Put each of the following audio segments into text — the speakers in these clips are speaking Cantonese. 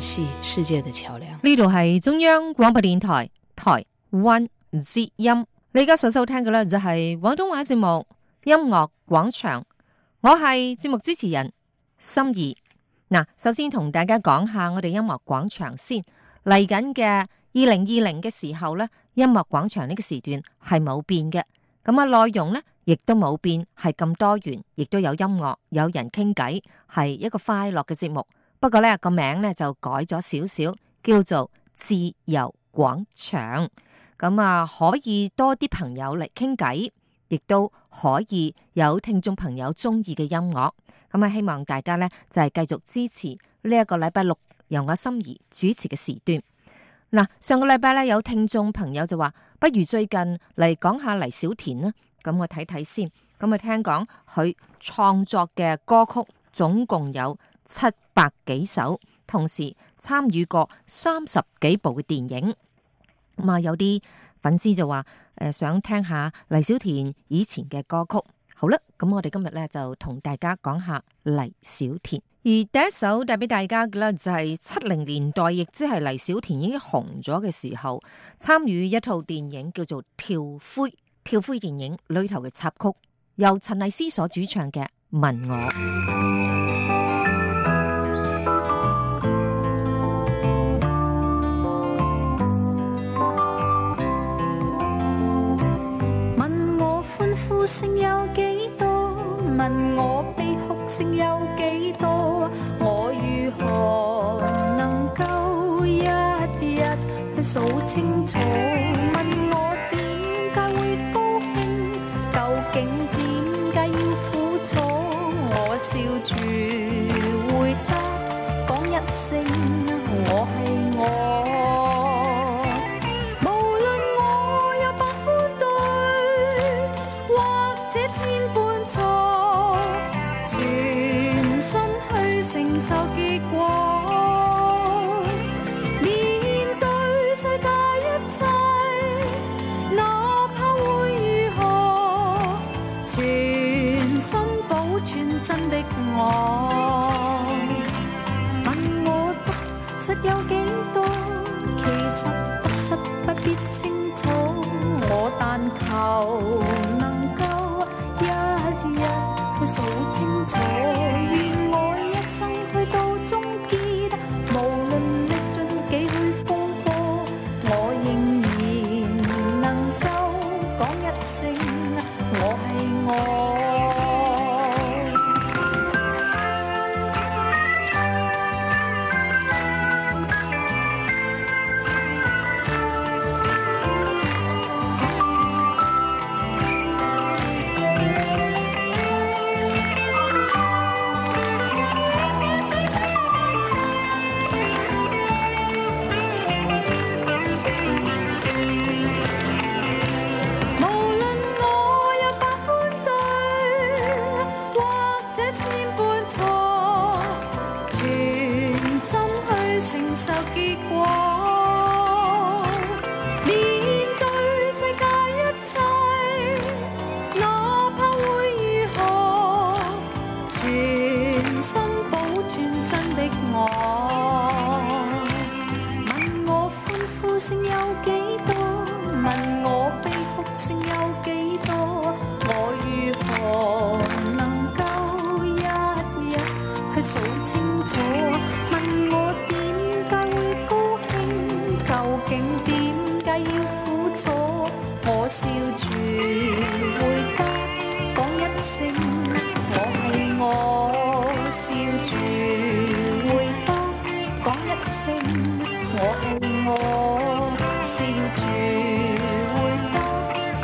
係世界的橋樑。呢度係中央廣播電台台灣之音，你而家所收聽嘅咧就係廣東話節目《音樂廣場》，我係節目主持人心儀。嗱，首先同大家講下我哋音樂廣場先，嚟緊嘅二零二零嘅時候咧，音樂廣場呢個時段係冇變嘅，咁啊內容呢，亦都冇變，係咁多元，亦都有音樂，有人傾偈，係一個快樂嘅節目。不過咧，個名咧就改咗少少，叫做自由廣場。咁啊，可以多啲朋友嚟傾偈，亦都可以有聽眾朋友中意嘅音樂。咁啊，希望大家咧就係繼續支持呢一個禮拜六由我心怡主持嘅時段。嗱，上個禮拜咧，有聽眾朋友就話，不如最近嚟講下黎小田啦。咁我睇睇先。咁啊，聽講佢創作嘅歌曲總共有七。百幾首，同時參與過三十幾部嘅電影，咁、嗯、啊有啲粉絲就話，誒、呃、想聽下黎小田以前嘅歌曲。好啦，咁我哋今日咧就同大家講下黎小田。而第一首帶俾大家嘅咧就係七零年代，亦即係黎小田已經紅咗嘅時候，參與一套電影叫做《跳灰》，跳灰電影裏頭嘅插曲，由陳麗斯所主唱嘅《問我》。聲有幾多？問我悲哭聲有幾多？我如何能夠一一去數清楚？問我點解會高興？究竟點解要苦楚？我笑住。能夠一日去數清楚。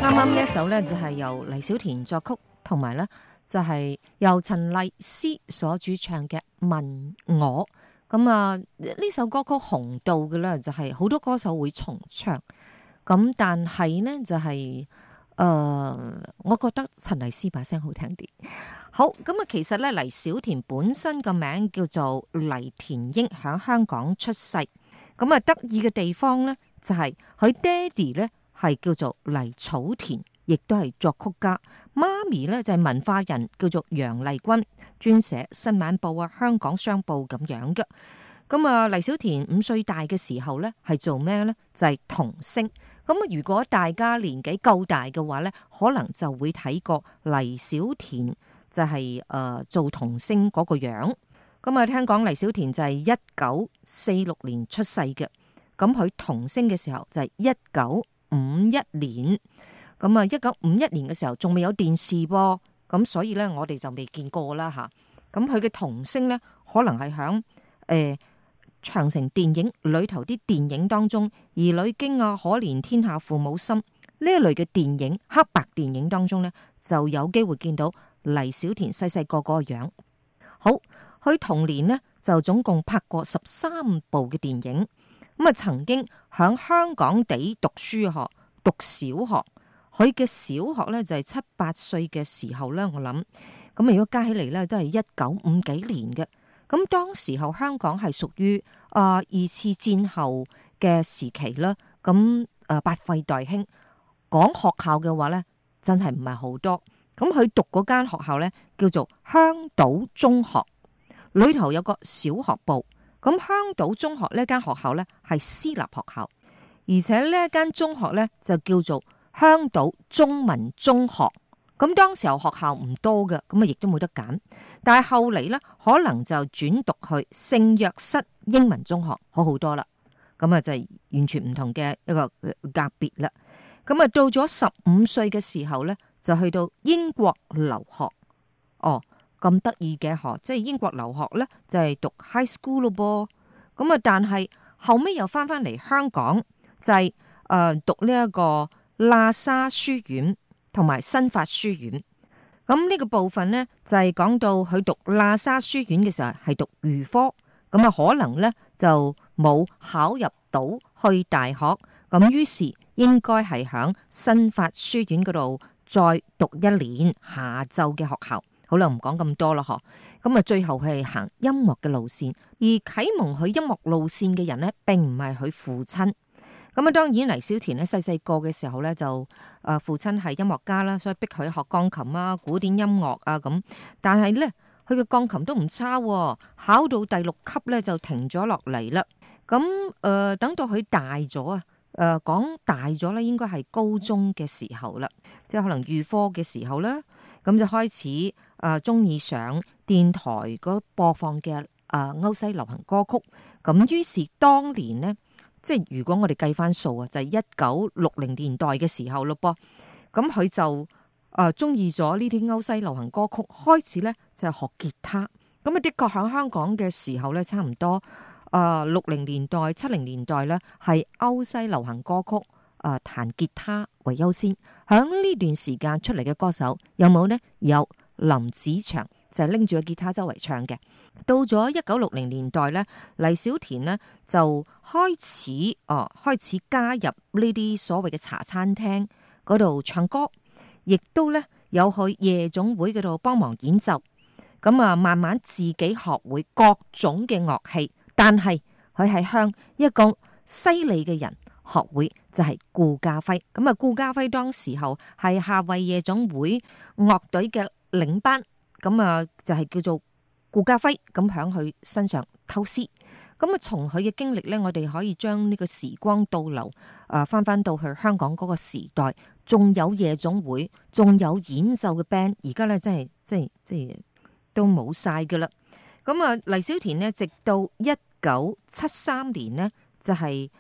啱啱呢一首呢，就係由黎小田作曲，同埋呢，就係由陳麗斯所主唱嘅《問我》咁啊。呢首歌曲紅到嘅呢，就係、是、好多歌手會重唱，咁但係呢、就是，就係誒，我覺得陳麗斯把聲好聽啲。好咁啊，其實呢，黎小田本身個名叫做黎田英，響香港出世咁啊，得意嘅地方呢。就係佢爹哋呢，係叫做黎草田，亦都係作曲家。媽咪呢，就係、是、文化人，叫做楊麗君，專寫《新晚報》啊，《香港商報》咁樣嘅。咁啊，黎小田五歲大嘅時候呢，係做咩呢？就係、是、童星。咁、嗯、啊，如果大家年紀夠大嘅話呢，可能就會睇過黎小田就係、是、誒、呃、做童星嗰個樣。咁、嗯、啊，聽講黎小田就係一九四六年出世嘅。咁佢童星嘅時候就係一九五一年。咁啊，一九五一年嘅時候仲未有電視噃，咁所以咧，我哋就未見過啦吓。咁佢嘅童星咧，可能係響誒長城電影裏頭啲電影當中，《兒女經》啊，可憐天下父母心呢一類嘅電影，黑白電影當中咧就有機會見到黎小田細細個個樣。好，佢同年呢，就總共拍過十三部嘅電影。咁啊，曾經喺香港地讀書學讀小學，佢嘅小學咧就係七八歲嘅時候咧，我諗咁如果加起嚟咧都係一九五幾年嘅。咁當時候香港係屬於啊二次戰後嘅時期啦。咁啊，百廢待興，講學校嘅話咧，真係唔係好多。咁佢讀嗰間學校咧，叫做香島中學，裏頭有個小學部。咁香島中學呢一間學校呢，係私立學校，而且呢一間中學呢，就叫做香島中文中學。咁當時候學校唔多嘅，咁啊亦都冇得揀。但係後嚟呢，可能就轉讀去聖若瑟英文中學，好好多啦。咁啊就係完全唔同嘅一個格別啦。咁啊到咗十五歲嘅時候呢，就去到英國留學。哦。咁得意嘅學即係、就是、英國留學咧，就係、是、讀 high school 咯。噃，咁啊，但係後尾又翻翻嚟香港，就係、是、誒、呃、讀呢一個喇沙書院同埋新法書院。咁、嗯、呢、這個部分咧就係、是、講到佢讀喇沙書院嘅時候係讀預科，咁、嗯、啊可能咧就冇考入到去大學，咁、嗯、於是應該係響新法書院嗰度再讀一年下晝嘅學校。好啦，唔講咁多啦，嗬。咁啊，最後係行音樂嘅路線，而啟蒙佢音樂路線嘅人呢，並唔係佢父親。咁啊，當然黎小田呢細細個嘅時候呢，就誒父親係音樂家啦，所以逼佢學鋼琴啊、古典音樂啊咁。但係呢，佢嘅鋼琴都唔差，哦，考到第六級呢，就停咗落嚟啦。咁、嗯、誒、呃，等到佢大咗啊，誒、呃、講大咗呢應該係高中嘅時候啦，即係可能預科嘅時候啦，咁就開始。啊，中意上電台嗰播放嘅啊歐西流行歌曲，咁、啊、於是當年呢，即係如果我哋計翻數、就係、啊，嗯、就係一九六零年代嘅時候咯。噃，咁佢就啊中意咗呢啲歐西流行歌曲，開始呢就係、學吉他。咁啊，的確喺香港嘅時候呢，差唔多啊六零年代、七零年代呢，係歐西流行歌曲啊彈吉他為優先。喺呢段時間出嚟嘅歌手有冇呢？有。林子祥就係拎住個吉他周圍唱嘅。到咗一九六零年代呢，黎小田呢就開始哦開始加入呢啲所謂嘅茶餐廳嗰度唱歌，亦都呢有去夜總會嗰度幫忙演奏。咁、嗯、啊，慢慢自己學會各種嘅樂器，但係佢係向一個犀利嘅人學會，就係、是、顧嘉輝。咁、嗯、啊，顧嘉輝當時候係夏威夜總會樂隊嘅。領班咁啊，就係叫做顧嘉輝，咁響佢身上偷師。咁啊，從佢嘅經歷呢，我哋可以將呢個時光倒流，誒、啊，翻翻到去香港嗰個時代，仲有夜總會，仲有演奏嘅 band。而家呢，真係真係真係都冇晒噶啦。咁啊，黎小田呢，直到一九七三年呢，就係、是、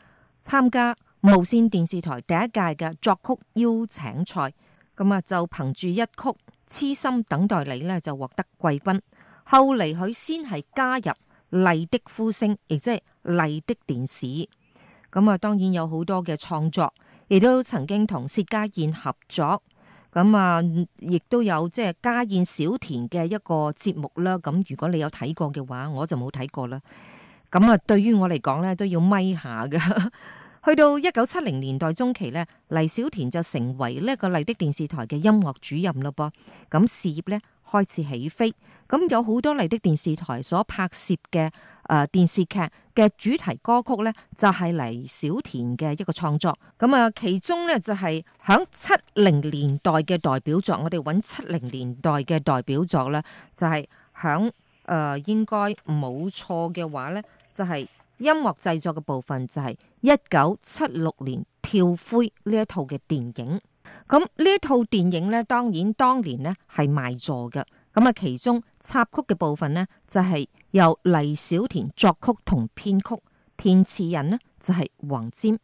參加無綫電視台第一屆嘅作曲邀請賽。咁啊，就憑住一曲。痴心等待你呢，就獲得貴賓。後嚟佢先係加入麗的呼聲，亦即係麗的電視。咁啊，當然有好多嘅創作，亦都曾經同薛家燕合作。咁啊，亦都有即係、就是、家燕小田嘅一個節目啦。咁如果你有睇過嘅話，我就冇睇過啦。咁啊，對於我嚟講呢，都要咪下㗎。 去到一九七零年代中期咧，黎小田就成為呢一個麗的電視台嘅音樂主任啦噃。咁事業咧，開始起飛，咁有好多麗的電視台所拍攝嘅誒電視劇嘅主題歌曲咧，就係黎小田嘅一個創作。咁啊，其中咧，就係響七零年代嘅代表作，我哋揾七零年代嘅代表作咧，就係響誒應該冇錯嘅話咧，就係。音樂製作嘅部分就係一九七六年跳灰呢一套嘅電影，咁呢一套電影呢，當然當年呢係賣座嘅，咁啊，其中插曲嘅部分呢，就係由黎小田作曲同編曲，填詞人呢，就係黃沾。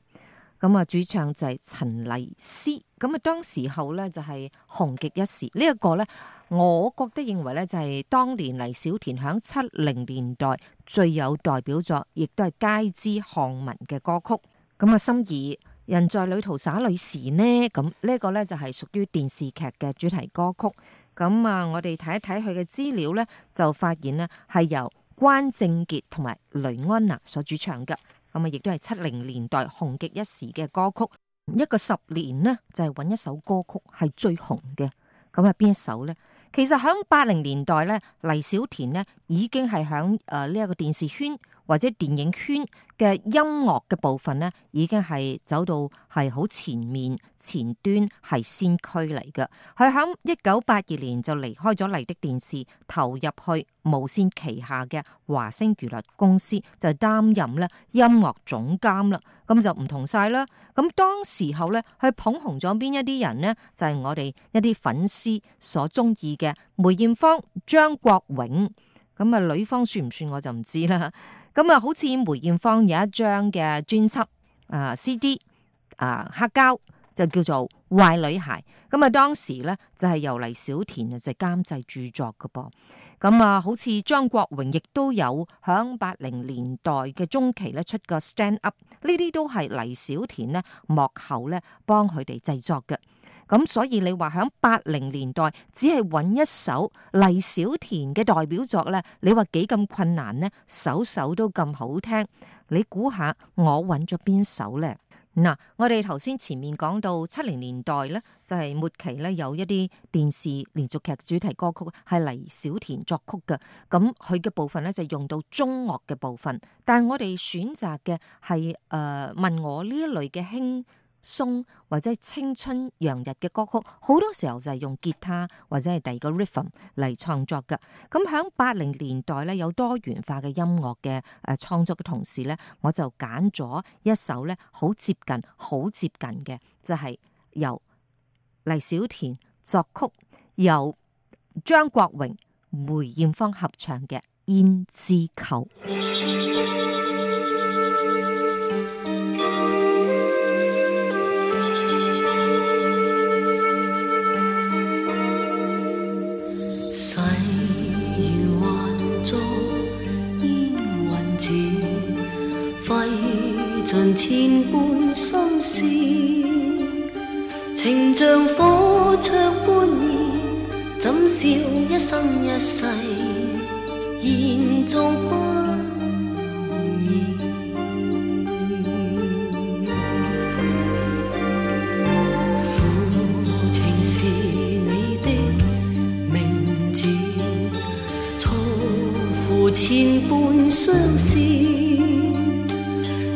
咁啊，主唱就係陳麗斯，咁啊，當時候咧就係、是、紅極一時。呢一，這個咧，我覺得認為咧就係當年黎小田響七零年代最有代表作，亦都係街知巷聞嘅歌曲。咁啊，心儀人在旅途灑淚時呢，咁、這、呢個咧就係屬於電視劇嘅主題歌曲。咁啊，我哋睇一睇佢嘅資料咧，就發現咧係由關正傑同埋雷安娜所主唱嘅。咁啊，亦都係七零年代紅極一時嘅歌曲。一個十年咧，就係、是，揾一首歌曲係最紅嘅。咁、嗯、啊，邊、嗯、一首咧？其實喺八零年代咧，黎小田咧已經係喺誒呢一個電視圈或者電影圈嘅音樂嘅部分咧，已經係走到係好前面，前端係先驅嚟嘅。佢喺一九八二年就離開咗麗的電視，投入去無線旗下嘅華星娛樂公司，就擔任咧音樂總監啦。咁就唔同晒啦。咁當時候咧，佢捧紅咗邊一啲人呢？就係、是、我哋一啲粉絲所中意嘅梅艷芳張、張國榮。咁啊，女方算唔算我就唔知啦。咁啊，好似梅艷芳有一張嘅專輯啊 CD 啊黑膠就叫做《壞女孩》，咁啊當時咧就係由黎小田啊就監製著作噶噃。咁啊，好似張國榮亦都有響八零年代嘅中期咧出過 Stand Up，呢啲都係黎小田咧幕後咧幫佢哋製作嘅。咁所以你話響八零年代只係揾一首黎小田嘅代表作咧，你話幾咁困難呢？首首都咁好聽，你估下我揾咗邊首咧？嗱，我哋頭先前面講到七零年代咧，就係末期咧有一啲電視連續劇主題歌曲係黎小田作曲嘅，咁佢嘅部分咧就用到中樂嘅部分，但係我哋選擇嘅係誒問我呢一類嘅輕鬆或者係青春洋溢嘅歌曲，好多時候就係用吉他或者係第二個 rhythm 嚟創作嘅。咁響八零年代咧，有多元化嘅音樂嘅誒創作嘅同時咧，我就揀咗一首咧好接近，好接近嘅，就係、是、由黎小田作曲，由張國榮、梅艷芳合唱嘅《胭脂扣》。盡千般心事，情像火灼般熱，怎料一生一世，延續不容易。負情是你的名字，錯付千般相思。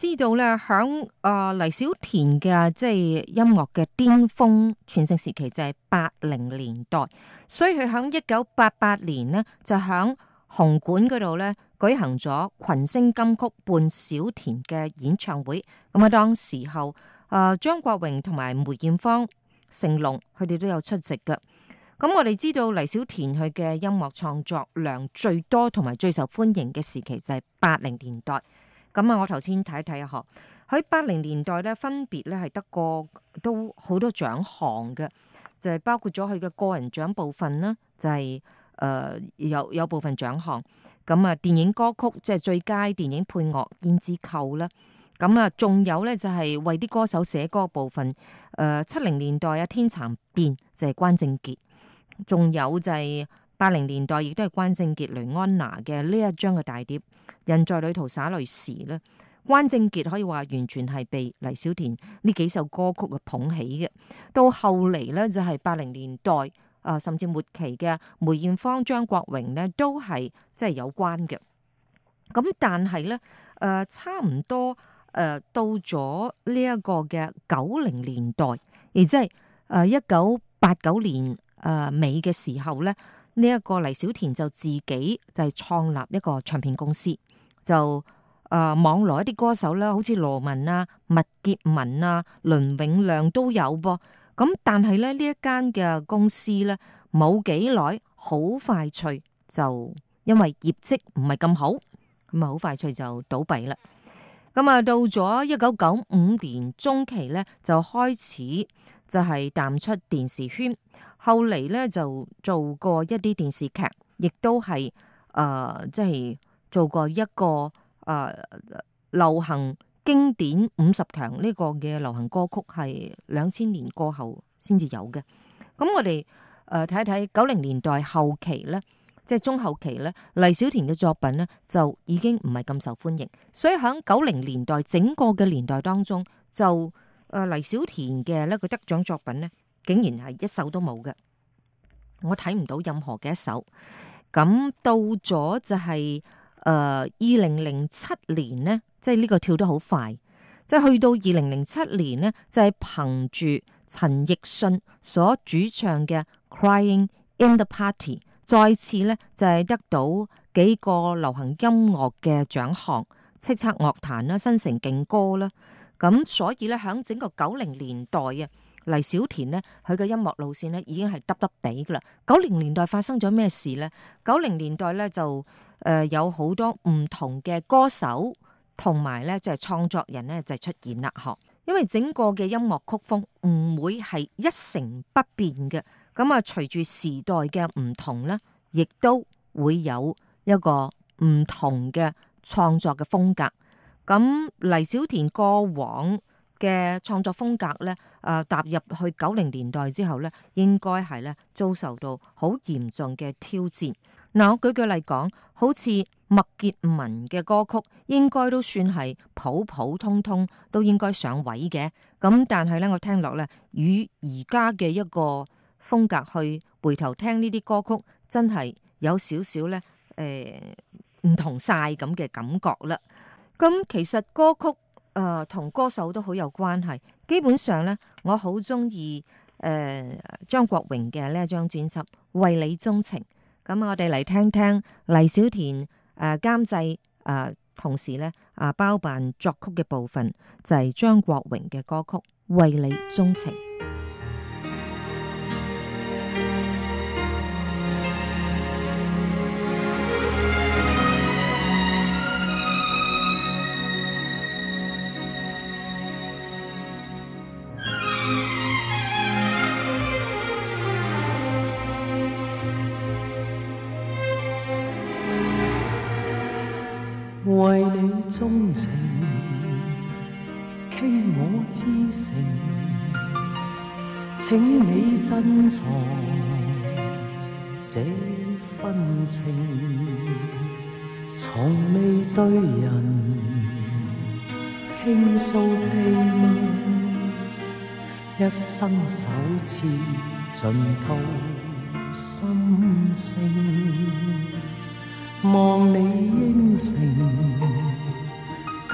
知道咧，響啊黎小田嘅即係音樂嘅巔峰全盛時期就係八零年代，所以佢響一九八八年呢，就響紅館嗰度咧舉行咗群星金曲伴小田嘅演唱會，咁啊，當時候誒張國榮同埋梅艷芳、成龍佢哋都有出席嘅。咁我哋知道黎小田佢嘅音樂創作量最多同埋最受歡迎嘅時期就係八零年代。咁啊！我頭先睇睇啊，嗬！喺八零年代咧，分別咧係得過都好多獎項嘅，就係、是、包括咗佢嘅個人獎部分啦，就係、是、誒、呃、有有部分獎項。咁、嗯、啊，電影歌曲即係、就是、最佳電影配樂胭脂扣啦。咁、嗯、啊，仲有咧就係為啲歌手寫歌部分。誒、呃，七零年代啊，《天蠶變》就係、就是、關正傑，仲有就是。八零年代亦都係關正傑、雷安娜嘅呢一張嘅大碟《人在旅途》，灑淚時咧，關正傑可以話完全係被黎小田呢幾首歌曲嘅捧起嘅。到後嚟咧就係八零年代啊，甚至末期嘅梅艷芳、張國榮咧都係即係有關嘅。咁但係咧誒，差唔多誒，到咗呢一個嘅九零年代，而即係誒一九八九年誒尾嘅時候咧，呢一個黎小田就自己就係創立一個唱片公司，就誒、呃、網羅一啲歌手啦，好似羅文啊、麥潔文啊、倫永亮都有噃、啊。咁但係咧，呢一間嘅公司咧冇幾耐，好快脆就因為業績唔係咁好，咁啊好快脆就倒閉啦。咁、嗯、啊到咗一九九五年中期咧，就開始就係淡出電視圈。後嚟咧就做過一啲電視劇，亦都係誒即係做過一個誒、呃、流行經典五十強呢個嘅流行歌曲，係兩千年過後先至有嘅。咁我哋誒睇一睇九零年代後期咧，即、就、係、是、中後期咧，黎小田嘅作品咧就已經唔係咁受歡迎，所以喺九零年代整個嘅年代當中，就誒、呃、黎小田嘅呢個得獎作品咧，竟然係一首都冇嘅，我睇唔到任何嘅一首。咁到咗就係誒，二零零七年咧，即係呢個跳得好快，即係去到二零零七年咧，就係憑住陳奕迅所主唱嘅《Crying in the Party》，再次咧就係得到幾個流行音樂嘅獎項，叱咤樂壇啦、新城勁歌啦。咁所以咧，喺整個九零年代啊。黎小田咧，佢嘅音樂路線咧已經係耷耷地噶啦。九零年代發生咗咩事咧？九零年代咧就誒、呃、有好多唔同嘅歌手同埋咧，即係創作人咧就是、出現啦。呵，因為整個嘅音樂曲風唔會係一成不變嘅，咁、嗯、啊，隨住時代嘅唔同咧，亦都會有一個唔同嘅創作嘅風格。咁、嗯、黎小田過往嘅創作風格咧，誒、啊、踏入去九零年代之後咧，應該係咧遭受到好嚴重嘅挑戰。嗱、啊，我舉個例講，好似麥潔文嘅歌曲，應該都算係普普通通，都應該上位嘅。咁、啊、但係咧，我聽落咧，與而家嘅一個風格去回頭聽呢啲歌曲，真係有少少咧誒唔同晒咁嘅感覺嘞。咁、啊、其實歌曲。誒同、呃、歌手都好有關係，基本上呢，我好中意誒張國榮嘅呢一張專輯《為你鍾情》。咁我哋嚟聽聽黎小田誒、呃、監製、呃、同時呢啊、呃、包辦作曲嘅部分就係、是、張國榮嘅歌曲《為你鍾情》。鍾情傾我至誠，請你珍藏這份情，從未對人傾訴秘密，一生首次盡吐心聲，望你應承。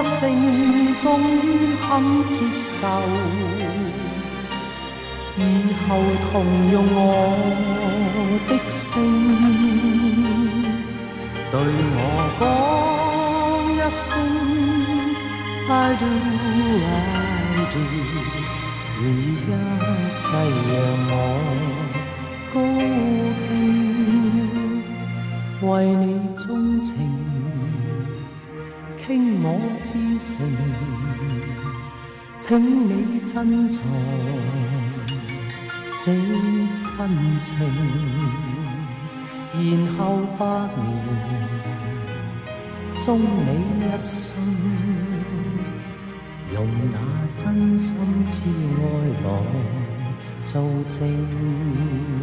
一生終於肯接受，以後同用我的姓，對我講一聲，I do I do，願意一世令我高興，為你。之情，請你珍藏這份情，然後百年終你一生，用那真心摯愛來做證。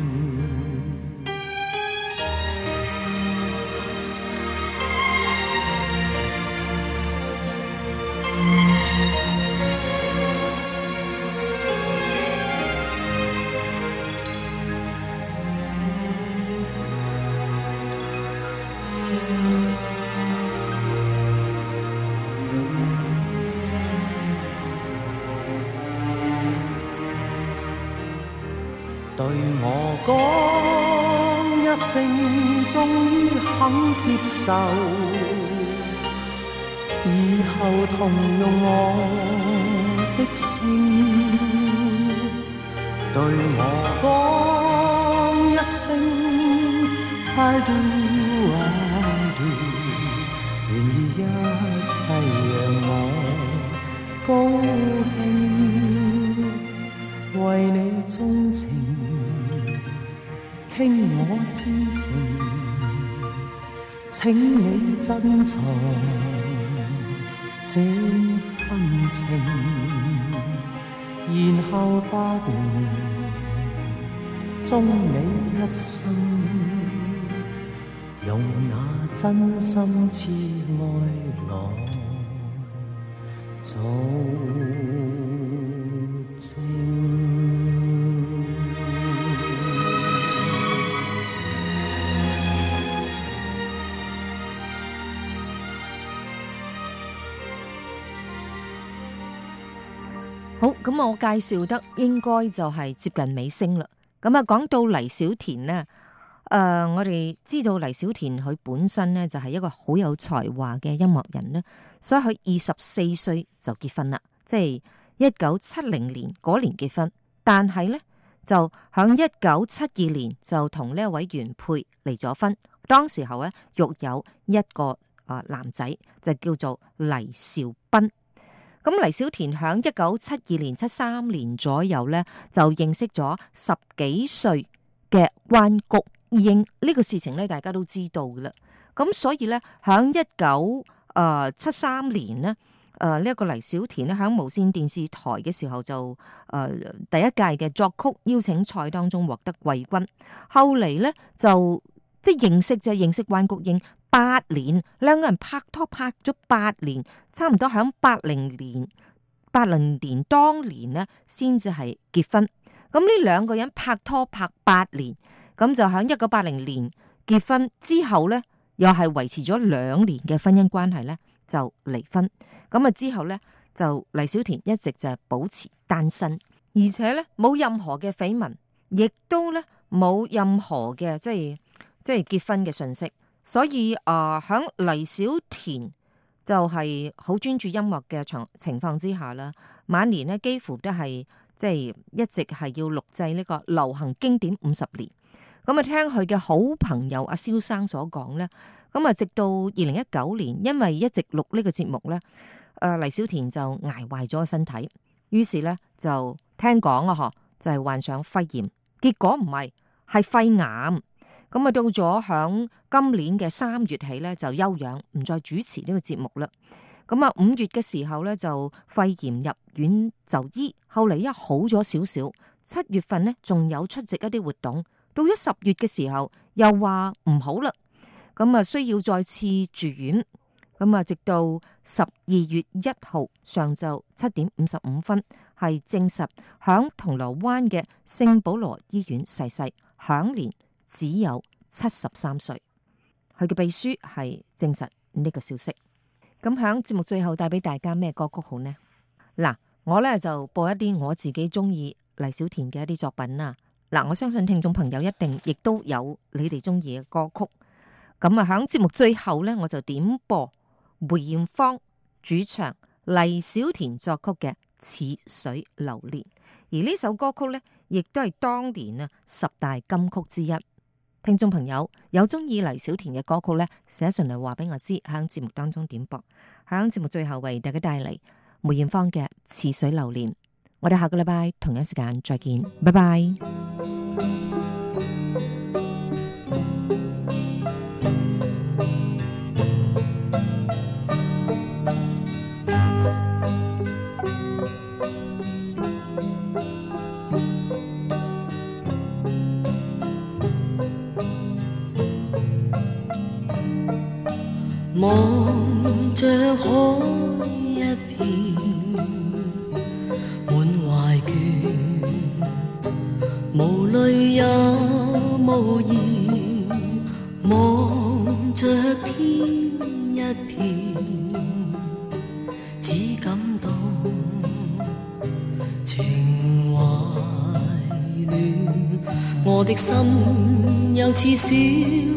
肯接受，以後同用我的姓，對我講一聲 I do I do，願意一世讓我高興，為你鍾情傾我至誠。請你珍藏這份情，然後不忘終你一生，用那真心痴。好咁，我介紹得應該就係接近尾聲啦。咁啊，講到黎小田呢，誒、呃，我哋知道黎小田佢本身呢就係一個好有才華嘅音樂人啦，所以佢二十四歲就結婚啦，即係一九七零年嗰年結婚，但係呢就響一九七二年就同呢一位原配離咗婚，當時候呢育有一個啊男仔，就叫做黎兆斌。咁黎小田喺一九七二年、七三年左右咧，就認識咗十幾歲嘅關菊英呢個事情咧，大家都知道噶啦。咁所以咧，喺一九誒七三年呢，誒呢一個黎小田咧喺無綫電視台嘅時候就誒、呃、第一屆嘅作曲邀請賽當中獲得季軍，後嚟咧就即係認識就認識關菊英。八年，兩個人拍拖拍咗八年，差唔多喺八零年。八零年當年咧，先至係結婚。咁呢兩個人拍拖拍八年，咁就喺一九八零年結婚之後咧，又係維持咗兩年嘅婚姻關係咧，就離婚。咁啊之後咧，就黎小田一直就係保持單身，而且咧冇任何嘅緋聞，亦都咧冇任何嘅即係即係結婚嘅信息。所以啊，喺、呃、黎小田就係好專注音樂嘅情情況之下啦，晚年咧幾乎都係即係一直係要錄製呢個流行經典五十年。咁、嗯、啊，聽佢嘅好朋友阿蕭生所講咧，咁啊，直到二零一九年，因為一直錄呢個節目咧，誒、呃、黎小田就捱壞咗身體，於是咧就聽講啊嗬，就係患上肺炎，結果唔係係肺癌。咁啊，到咗響今年嘅三月起咧，就休養，唔再主持呢個節目啦。咁、嗯、啊，五月嘅時候咧就肺炎入院就醫，後嚟一好咗少少，七月份咧仲有出席一啲活動。到咗十月嘅時候又話唔好啦，咁、嗯、啊，需要再次住院。咁、嗯、啊，直到十二月一號上晝七點五十五分，係證實響銅鑼灣嘅聖保羅醫院逝世享年。只有七十三歲，佢嘅秘書係證實呢個消息。咁響節目最後帶俾大家咩歌曲好呢？嗱，我咧就播一啲我自己中意黎小田嘅一啲作品啦。嗱，我相信聽眾朋友一定亦都有你哋中意嘅歌曲。咁啊，響節目最後咧，我就點播梅艷芳主唱、黎小田作曲嘅《似水流年》，而呢首歌曲咧，亦都係當年啊十大金曲之一。聽眾朋友，有中意黎小田嘅歌曲呢，寫上嚟，話俾我知，喺節目當中點播。喺節目最後為大家帶嚟梅艷芳嘅《似水流年》。我哋下個禮拜同一時間再見，拜拜。望着海一片，滿懷倦，無淚也無言。望着天一片，只感到情懷亂。我的心又似小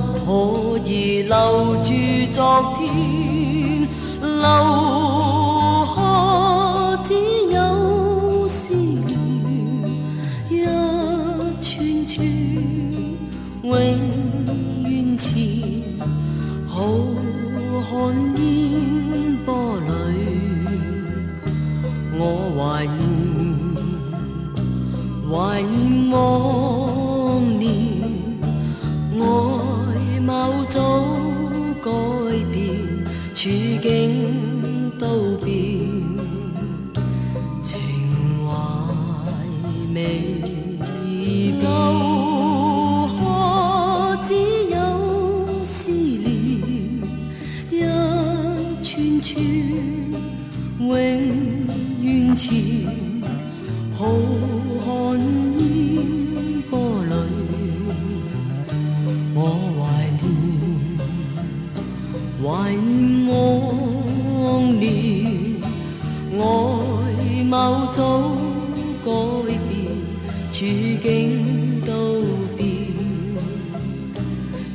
不可以留住昨天，